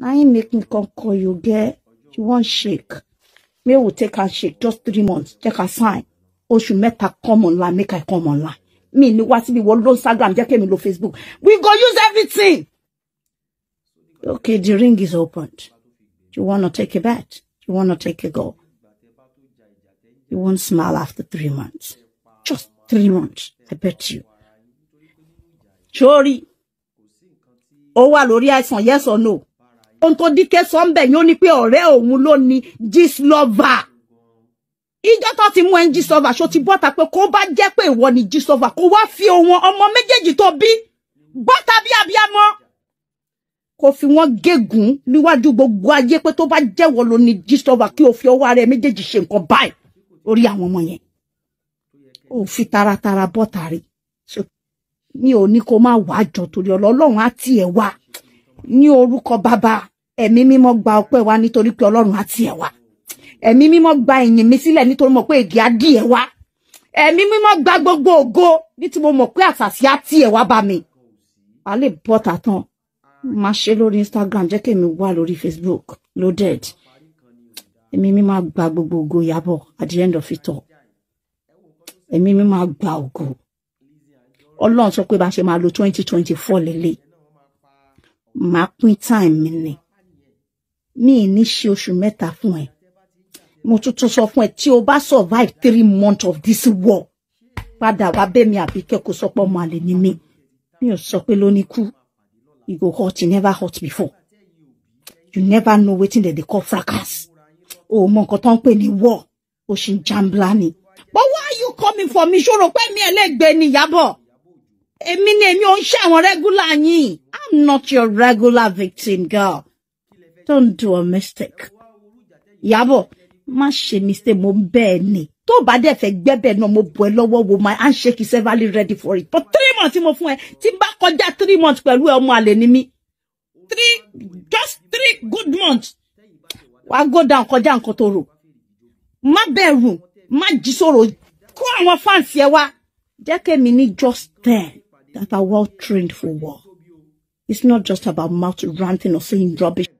na him make me come call you girl you want shake Me will take her shake just three months take her sign she oṣù her come online make her come online mi ni wá síbi wọ́n on instagram came in lo facebook we go use everything. okay the ring is opened you wanna take a bet you wanna take a go you won't smile after three months just three months i bet you. sori ó wà lórí àìsàn yes or no ohun tó díkẹ́ sọ́ńbẹ̀ yóò ní pé ọ̀rẹ́ òun ló ní gíslọ́và ìjọ tó ti mú ẹ ń gíslọ́và ṣó ti bọ́ta pé kó bá jẹ́ pé ìwọ ni gíslọ́và kó wá fi òun ọmọ méjèèjì tó bí bọ́ta bí abiyamọ kò fi wọ́n gégùn níwájú gbogbo ayé pé tó bá jẹ́wọ́ ló ní gíslọ́và kí o fi ọwọ́ ara ẹ méjèèjì ṣe nǹkan báyìí orí àwọn ọmọ yẹn ò fi taratara bọ́ta rí mi ò ní kó má wàá jọ torí ọlọ́run á tiẹ̀ wá ní orúkọ bàbá ẹ̀mí mímọ́ gba ọpẹ́ wa nítorí pé ọlọ́run á tiẹ̀ wá ẹ̀mí mímọ́ gba ìyìn mi sílẹ̀ nítorí mọ̀ pé ègì á dì ẹ̀ wá ẹ̀mí mímọ́ gba gbogbo ògo nítorí mo mọ̀ pé àṣàṣì á tiẹ̀ wá bá mi a lè tán máa ṣe lórí Instagram jẹ́ kí èmi wà lórí Facebook loaded ẹ̀mí mímọ́ gba gbogbo ògo Ìyábọ̀ at the end of it all ẹ̀mí mímọ́ gba ògo ọlọ́run sọ pé bá ṣe máa lo twenty twenty four lélẹ̀ máa pín time mi ni mi ì ní ṣe oṣù mẹ́ta fún ẹ mo tuntun sọ fún ẹ tí o bá survive three months of this war padà wá bẹ́ẹ̀ mi àbíkẹ́ kó sọ pé ọmọ àlè ni mi mi ò sọ pé lónìí kú you go hot you never hot before you never know wetin dem dey call fracas o mọ nǹkan tó ń pè ní war o ṣì ń jambla ni but why are you coming for me ṣòro pé mi ẹlẹ́gbẹ̀ẹ́ ni Ìyábọ̀ èmi ni èmi ò ń ṣe àwọn regular yín i'm not your regular victim girl turned to a mistake yabo. má ṣe mistake mo bẹ́ẹ̀ ni tó bá dẹ̀ fẹ́ gbẹ́bẹ̀ náà mo bọ̀ ẹ́ lọ́wọ́ wo my handshake is everly ready for it for three months tí mo fún ẹ tí n bá kọjá three months pẹ̀lú ẹ ọmọ àlè ni mí three just three good months wàá go down kọjá nǹkan tó rò má bẹ̀rù má jí sọ̀rọ̀ kó àwọn fans ẹ wá jẹ́ kémi ní just ten that are well trained for war it's not just about mouth ranting or saying rubbish.